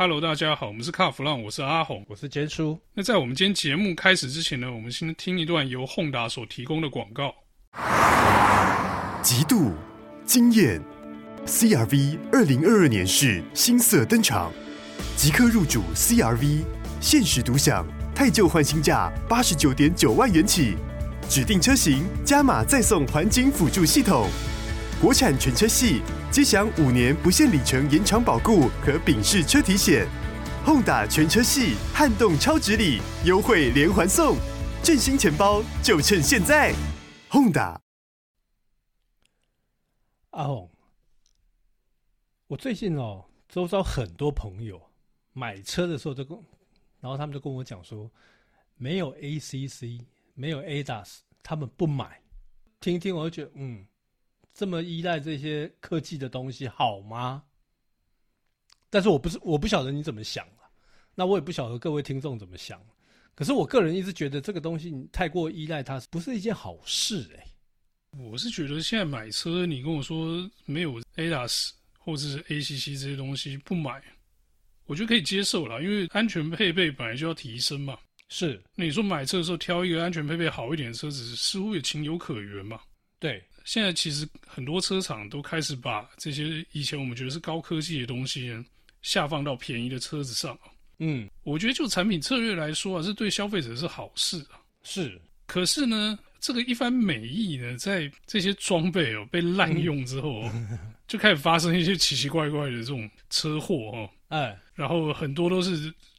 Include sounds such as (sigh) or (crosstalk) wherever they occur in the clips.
Hello，大家好，我們是卡弗浪，我是阿紅，我是堅叔。那在我們今天節目開始之前呢，我們先聽一段由 Honda 所提供的廣告。極度驚艷，CR-V 二零二二年式新色登場，即刻入主 CR-V，限時獨享，汰舊換新價八十九點九萬元起，指定車型加碼再送環景輔助系統。國產全車系即享五年不限里程延長保固和丙式車體險，Honda 全車系撼動超值禮優惠連環送，振興錢包就趁現在，Honda。阿紅、啊，我最近哦，周遭很多朋友買車的時候都跟，然後他們就跟我講說，沒有 ACC，沒有 ADAS，他們不買。聽聽，我就覺得嗯。這麼依賴這些科技的東西好嗎？但是我不是，我不曉得你怎麼想啊，那我也不曉得各位聽眾怎麼想啊。可是我個人一直覺得這個東西你太過依賴它，不是一件好事欸。我是覺得現在買車，你跟我說沒有 ADAS 或者是 ACC 這些東西不買，我覺得可以接受啦，因為安全配備本來就要提升嘛。是。那你說買車的時候挑一個安全配備好一點的車子，似乎也情有可原嘛。對。現在其實很多車廠都開始把這些以前我們覺得是高科技的東西呢，下放到便宜的車子上。嗯，我覺得就產品策略來說啊，是對消費者是好事啊。是，可是呢，這個一番美意呢，在這些裝備哦、喔、被濫用之後、喔， (laughs) 就開始發生一些奇奇怪怪的這種車禍哦、喔。哎、嗯，然後很多都是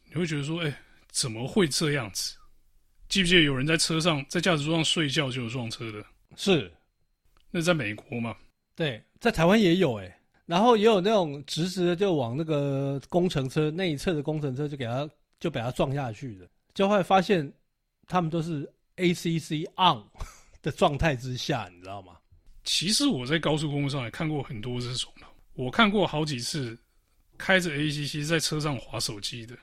你會覺得說，哎、欸，怎麼會這樣子？記不記得有人在車上，在駕駛座上睡覺就有撞車的？是。那在美國嘛？對，在台灣也有誒、欸，然後也有那種直直的就往那個工程車那一側的工程車就給他就把它撞下去的，就會發現他們都是 ACC on 的狀態之下，你知道嗎？其實我在高速公路上也看過很多這種的，我看過好幾次開着 ACC 在車上滑手機的。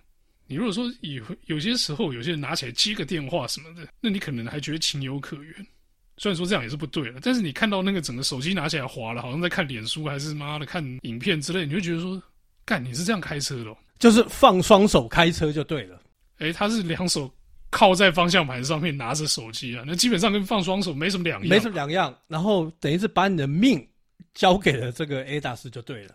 你如果說有有些時候有些人拿起來接個電話什麼的，那你可能還覺得情有可原。雖然說這樣也是不對的，但是你看到那個整個手機拿起來滑了，好像在看臉書還是媽的看影片之類，你就覺得說，幹你是這樣開車的、喔？就是放雙手開車就對了。誒、欸、他是兩手靠在方向盤上面拿着手機啊，那基本上跟放雙手沒什麼兩樣。沒什麼兩樣，然後等於是把你的命交給了這個 A 大斯就對了。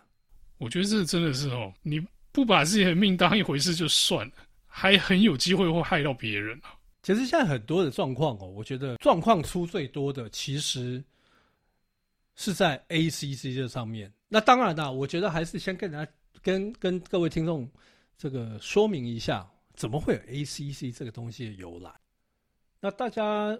我覺得這真的是哦、喔，你不把自己的命當一回事就算了，還很有機會會害到別人其實現在很多的狀況哦，我覺得狀況出最多的，其實是在 ACC 這上面。那當然啦，我覺得還是先跟大家、跟跟各位聽眾這個說明一下，怎麼會有 ACC 這個東西的由來。那大家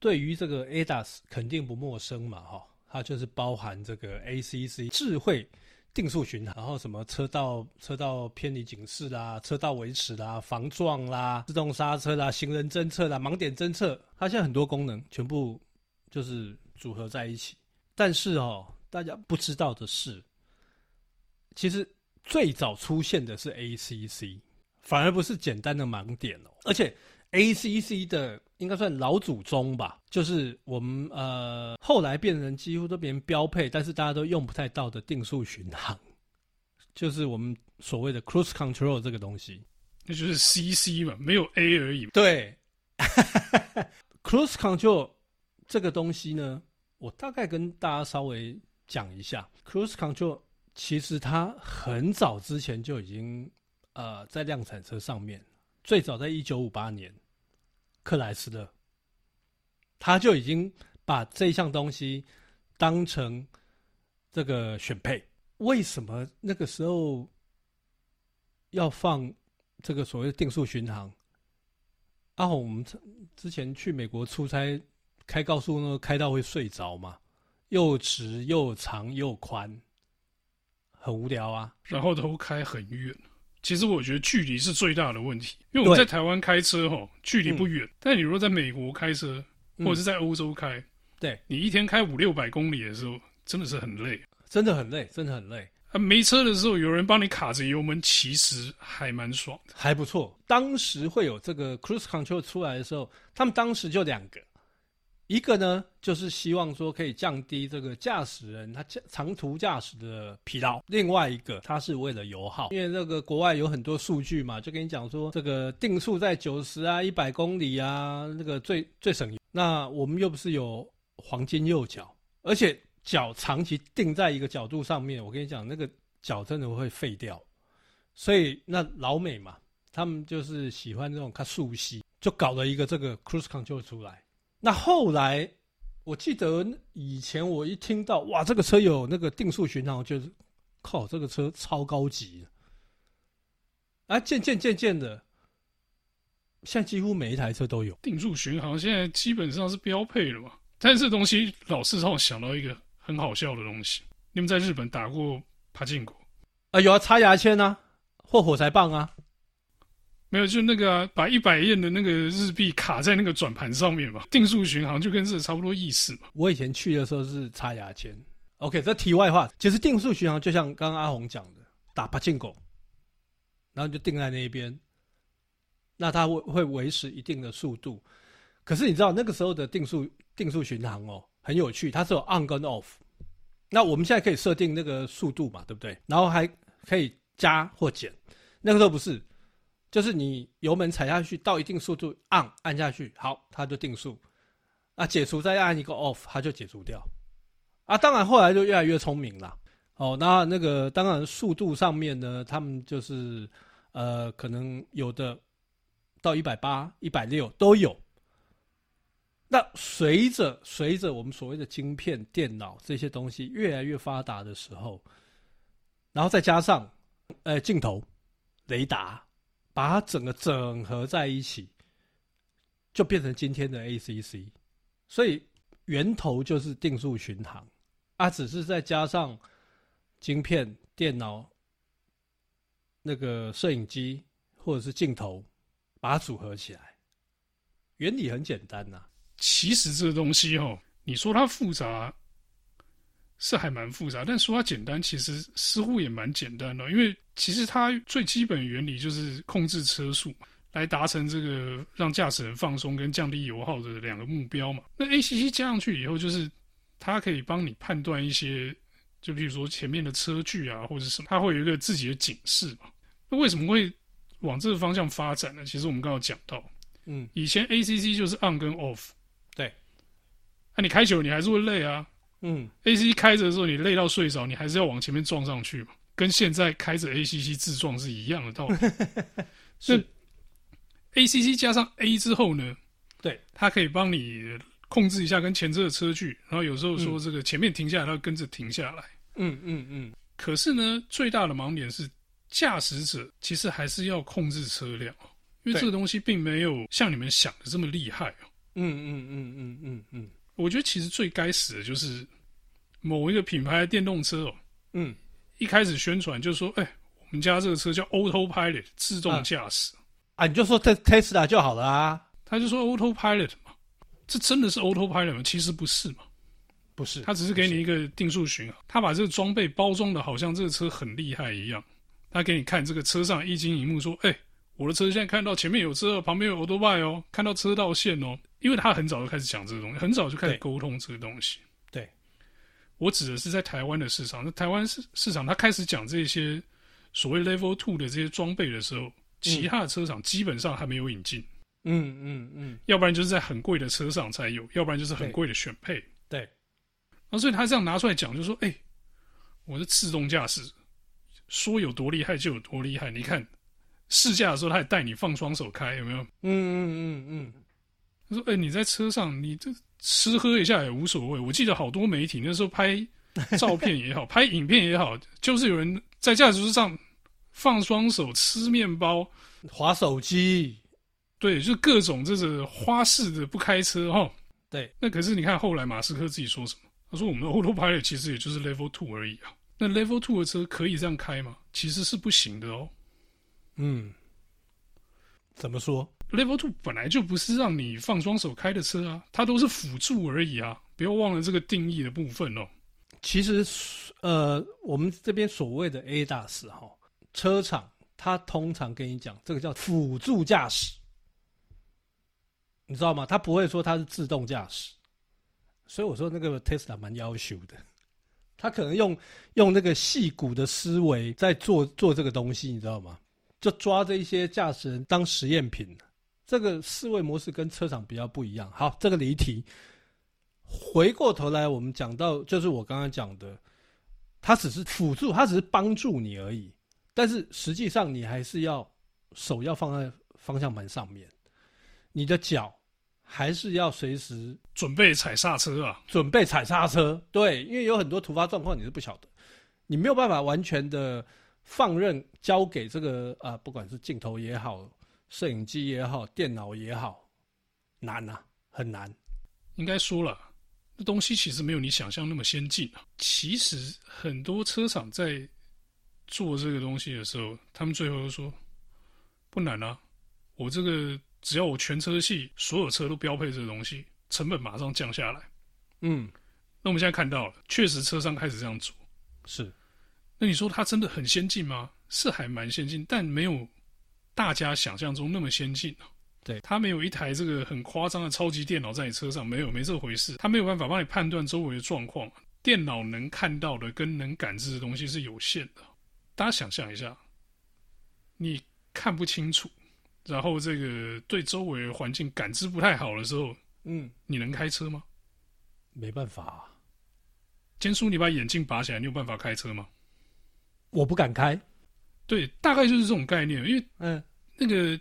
對於這個 ADAS 肯定不陌生嘛、哦，哈，它就是包含這個 ACC 智慧。定速巡航，然後什麼車道車道偏離警示啦、車道維持啦、防撞啦、自動剎車啦、行人偵測啦、盲點偵測，它現在很多功能全部就是組合在一起。但是哦，大家不知道的是，其實最早出現的是 ACC，反而不是簡單的盲點哦，而且 ACC 的。應該算老祖宗吧，就是我們呃後來變成幾乎都變成標配，但是大家都用不太到的定速巡航，就是我們所謂的 cruise control 這個東西，那就是 CC 嘛，沒有 A 而已。對，哈哈哈 cruise control 這個東西呢，我大概跟大家稍微講一下，cruise control 其實它很早之前就已經呃在量產車上面，最早在一九五八年。克萊斯勒，他就已經把這一項東西當成這個選配。為什麼那個時候要放這個所謂的定速巡航？啊，我們之前去美國出差，開高速呢，開到會睡着嘛，又直又長又寬，很無聊啊，然後都開很遠。其實我覺得距離是最大的問題，因為我們在台灣開車哈對、哦，距離不遠。嗯、但你如果在美國開車，或者是在歐洲開，嗯、對你一天開五六百公里的時候，真的是很累，真的很累，真的很累。啊，沒車的時候有人幫你卡着油門，其實還蠻爽的，還不錯。當時會有這個 cruise control 出來的時候，他們當時就兩個。一個呢，就是希望說可以降低這個駕駛人他駕長途駕駛的疲勞；另外一個，它是為了油耗，因為那個國外有很多數據嘛，就跟你講說這個定速在九十啊、一百公里啊，那個最最省油。那我們又不是有黃金右腳，而且腳長期定在一個角度上面，我跟你講，那個腳真的會廢掉。所以那老美嘛，他們就是喜歡這種看速系，就搞了一個這個 cruise control 出來。那後來，我記得以前我一聽到哇，這個車有那個定速巡航，就是靠這個車超高級啊，漸漸漸漸的，現在幾乎每一台車都有定速巡航，現在基本上是標配了嘛。但是這東西老是讓我想到一個很好笑的東西，你們在日本打過柏青哥？啊，有要、啊、插牙籤啊，或火柴棒啊。沒有，就那個啊，把一百円的那個日幣卡在那個轉盤上面嘛，定速巡航就跟這個差不多意思嘛。我以前去的時候是插牙籤。OK，這題外話，其實定速巡航就像剛剛阿紅講的，打柏青哥，然後就定在那一邊。那它會會維持一定的速度，可是你知道那個時候的定速定速巡航哦，很有趣，它是有 on 跟 off。那我們現在可以設定那個速度嘛，對不對？然後還可以加或減，那個時候不是。就是你油門踩下去到一定速度，按按下去，好，它就定速。啊，解除再按一個 off，它就解除掉。啊，當然後來就越來越聰明了。哦，那那個當然速度上面呢，他們就是呃，可能有的到一百八、一百六都有。那隨着隨着我們所謂的晶片、電腦這些東西越來越發達的時候，然後再加上呃、欸、鏡頭、雷達。把它整個整合在一起，就變成今天的 ACC，所以源頭就是定速巡航，啊，只是再加上晶片、電腦、那個攝影機或者是鏡頭，把它組合起來，原理很簡單吶、啊。其實這個東西哦，你說它複雜、啊。是還蠻複雜，但說它簡單，其實似乎也蠻簡單的，因為其實它最基本原理就是控制車速，來達成這個讓駕駛人放鬆跟降低油耗的兩個目標嘛。那 ACC 加上去以後，就是它可以幫你判斷一些，就比如說前面的車距啊，或者什麼，它會有一個自己的警示嘛。那為什麼會往這個方向發展呢？其實我們剛剛講到，嗯，以前 ACC 就是 on 跟 off，對，那、啊、你開久了你還是會累啊。嗯，ACC 開着的時候，你累到睡着，你還是要往前面撞上去嘛？跟現在開着 ACC 自撞是一樣的道理 (laughs) 是。是 ACC 加上 A 之後呢？對，它可以幫你控制一下跟前車的車距，然後有時候說這個前面停下來，它跟着停下來嗯嗯。嗯嗯嗯。可是呢，最大的盲點是駕駛者其實還是要控制車輛，因為這個東西並沒有像你們想的這麼厲害哦、喔對嗯。嗯嗯嗯嗯嗯嗯。嗯嗯我覺得其實最該死的就是某一個品牌的電動車哦，嗯，一開始宣傳就說，哎、欸，我們家這個車叫 Autopilot 自動駕駛啊，啊，你就說 Tesla 就好了啊，他就說 Autopilot 嘛，這真的是 Autopilot 嗎？其實不是嘛，不是，他只是給你一個定速巡航，是他把這個裝備包裝的好像這個車很厲害一樣，他給你看這個車上液晶螢幕說，哎、欸。我的車現在看到前面有車，旁邊有歐多拜哦，看到車道線哦。因為他很早就開始講這個東西，很早就開始溝通這個東西。對，對我指的是在台灣的市場。那台灣市市場，他開始講這些所謂 Level Two 的這些裝備的時候，其他的車廠基本上還沒有引進、嗯。嗯嗯嗯，嗯要不然就是在很貴的車上才有，要不然就是很貴的選配。對，對然後所以他這樣拿出來講，就說：“哎、欸，我的自動駕駛說有多厲害就有多厲害。”你看。試駕的時候，他也帶你放雙手開，有沒有？嗯嗯嗯嗯。他、嗯嗯嗯、說：“哎、欸，你在車上，你這吃喝一下也無所謂。我記得好多媒體那時候拍照片也好， (laughs) 拍影片也好，就是有人在駕駛座上放雙手吃面包、滑手機，對，就各種這種花式的不開車哈。哦、對，那可是你看後來馬斯克自己說什麼？他說我們的 Autopilot 其實也就是 Level Two 而已啊。那 Level Two 的車可以這樣開嗎？其實是不行的哦。”嗯，怎麼說？Level Two 本來就不是讓你放雙手開的車啊，它都是輔助而已啊！不要忘了這個定義的部分哦。其實，呃，我們這邊所謂的 ADAS，車廠它通常跟你講這個叫輔助駕駛，你知道嗎？他不會說它是自動駕駛。所以我說那個 Tesla 蠻要求的，他可能用用那個矽谷的思維在做做這個東西，你知道嗎？就抓着一些駕駛人當實驗品，這個思維模式跟車廠比較不一樣。好，這個離題。回過頭來，我們講到，就是我剛剛講的，它只是輔助，它只是幫助你而已。但是實際上，你還是要手要放在方向盤上面，你的腳還是要隨時準備踩剎車啊，準備踩剎車。對，因為有很多突發狀況你是不曉得，你沒有辦法完全的。放任交給這個啊、呃，不管是鏡頭也好，攝影機也好，電腦也好，難啊，很難。應該說了，那東西其實沒有你想象那麼先進。其實很多車廠在做這個東西的時候，他們最後都說不難啊，我這個只要我全車系所有車都標配這個東西，成本馬上降下來。嗯，那我們現在看到確實車商開始這樣做，是。那你說它真的很先進嗎？是還蠻先進，但沒有大家想象中那麼先進。對，它沒有一台這個很誇張的超級電腦在你車上，沒有，沒這回事。它沒有辦法幫你判斷周圍的狀況，電腦能看到的跟能感知的東西是有限的。大家想象一下，你看不清楚，然後這個對周圍的環境感知不太好的時候，嗯，你能開車嗎？沒辦法啊，堅叔，你把眼鏡拔起來，你有辦法開車嗎？我不敢開，對，大概就是這種概念，因為嗯，那個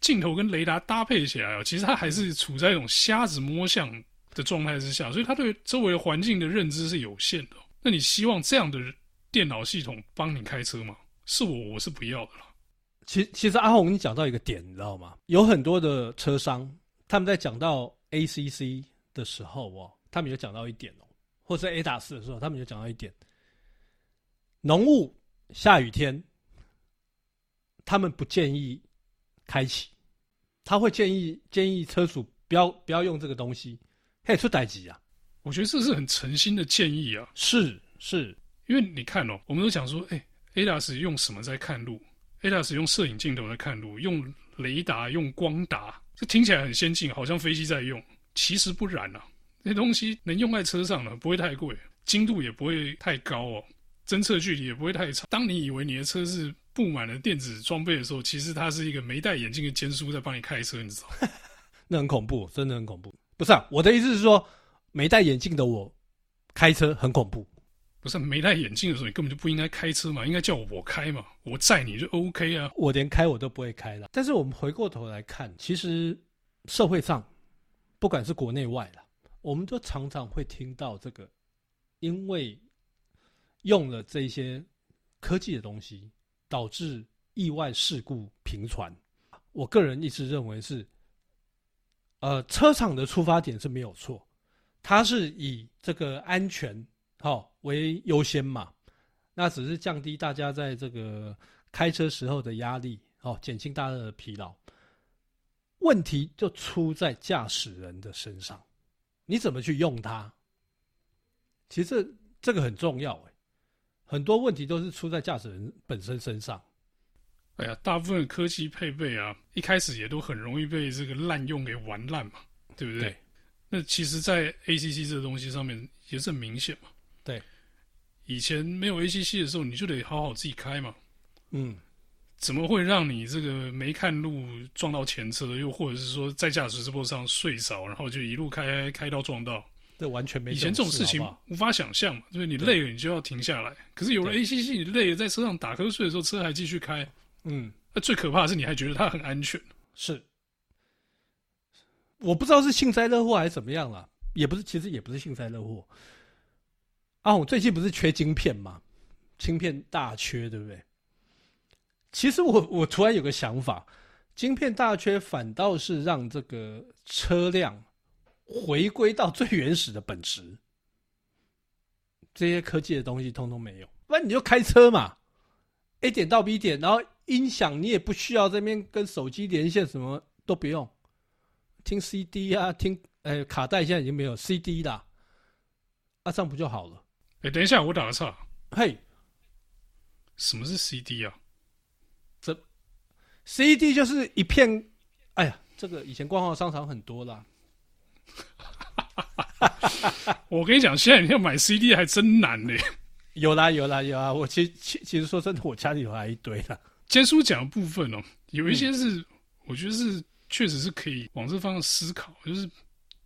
鏡頭跟雷達搭配起來哦，其實它還是處在一種瞎子摸象的狀態之下，所以它對周圍環境的認知是有限的。那你希望這樣的電腦系統幫你開車嗎？是我，我是不要的了。其實其實阿紅，你講到一個點，你知道嗎？有很多的車商他們在講到 ACC 的時候哦，他們就講到一點哦，或者 ADAS 的時候，他們就講到一點，濃霧。下雨天，他們不建議開啟，他會建議建議車主不要不要用這個東西，可以出代誌啊！我覺得這是很誠心的建議啊！是是，是因為你看哦，我們都講說，誒 ADAS 用什麼在看路？ADAS 用攝影鏡頭在看路，用雷達，用光達，這聽起來很先進，好像飛機在用，其實不然啊！這東西能用在車上的，不會太貴，精度也不會太高哦。偵測距離也不會太長。當你以為你的車是佈滿了電子裝備的時候，其實它是一個沒戴眼鏡的監叔在幫你開車，你知道嗎？ (laughs) 那很恐怖，真的很恐怖。不是啊，我的意思是說，沒戴眼鏡的我開車很恐怖。不是、啊、沒戴眼鏡的時候，你根本就不應該開車嘛，應該叫我開嘛，我載你就 OK 啊。我連開我都不會開的。但是我們回過頭來看，其實社會上，不管是國內外了，我們都常常會聽到這個，因為。用了這些科技的東西，導致意外事故頻傳。我個人一直認為是，呃，車廠的出發點是沒有錯，它是以這個安全齁，為優先嘛。那只是降低大家在這個開車時候的壓力哦，減輕大家的疲勞。問題就出在駕駛人的身上，你怎麼去用它？其實這、這個很重要欸。很多問題都是出在駕駛人本身身上。哎呀，大部分的科技配備啊，一開始也都很容易被這個濫用給玩爛嘛，對不對？對，那其實，在 ACC 這個東西上面也是很明顯嘛。對，以前沒有 ACC 的時候，你就得好好自己開嘛。嗯，怎麼會讓你這個沒看路撞到前車，又或者是說在駕駛直播上睡着，然後就一路開開到撞到？這完全沒好好，以前這種事情無法想象嘛。對，你累了，你就要停下來。對可是有了 ACC，你累了在車上打瞌睡的時候，車還繼續開。嗯對，那、啊，最可怕的是，你還覺得它很安全。是，我不知道是幸災樂禍還是怎麼樣了，也不是，其實也不是幸災樂禍。阿、啊，我最近不是缺晶片嘛？晶片大缺，對不對？其實我我突然有個想法，晶片大缺反倒是讓這個車輛。回歸到最原始的本質，這些科技的東西通通沒有，不然你就開車嘛，A 點到 B 點，然後音響你也不需要這邊跟手機連線，什麼都不用，聽 CD 啊，聽，呃、欸，卡帶現在已經沒有 CD 啦，那、啊、這樣不就好了？哎、欸，等一下，我打個岔，嘿 Hey，什麼是 CD 啊？這 CD 就是一片，哎呀，這個以前逛逛商場很多啦。 (laughs) (laughs) 我跟你講，現在你要買 CD 還真難呢、欸。有啦，有啦，有啊！我其其其實說真的，我家裡有還一堆了。尖叔講的部分哦、喔，有一些是、嗯、我覺得是確實是可以往這方向思考，就是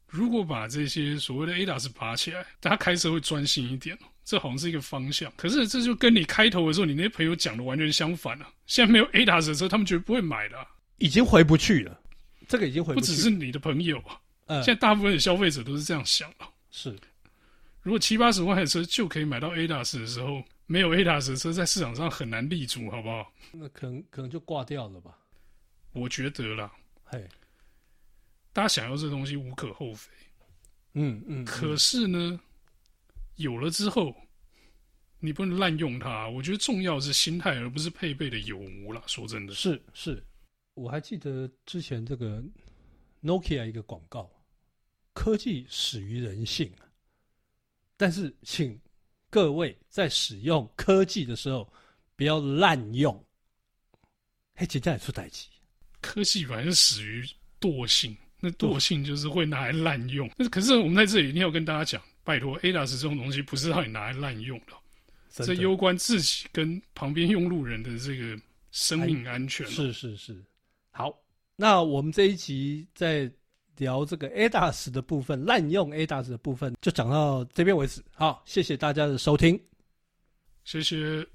如果把這些所謂的 ADAS 拔起來，大家開車會專心一點哦。這好像是一個方向，可是這就跟你開頭的時候你那些朋友講的完全相反了、啊。現在沒有 ADAS 的時候，他們絕對不會買的、啊，已經回不去了。這個已經回不去了不只是你的朋友。嗯，現在大部分的消費者都是這樣想的。嗯、是，如果七八十萬的車就可以買到 ADAS 的時候，沒有 ADAS 的車在市場上很難立足，好不好？那可能可能就掛掉了吧。我覺得啦，嘿，大家想要這個東西無可厚非。嗯嗯。嗯，可是呢，嗯、有了之後，你不能濫用它。我覺得重要的是心態，而不是配備的有無啦。說真的，是是。我還記得之前這個。Nokia 一個廣告，科技始於人性，但是請各位在使用科技的時候，不要濫用。嘿、欸，增加你出代機？科技原本是始於惰性，那惰性就是會拿來濫用。那、嗯、可是我們在這裡一定要跟大家講，拜托，ADAS 這種東西不是讓你拿來濫用的，的這攸關自己跟旁邊用路人的這個生命安全、喔。是是是，好。那我們這一集在聊這個 ADAS 的部分，濫用 ADAS 的部分，就講到這邊為止。好，謝謝大家的收聽，謝謝。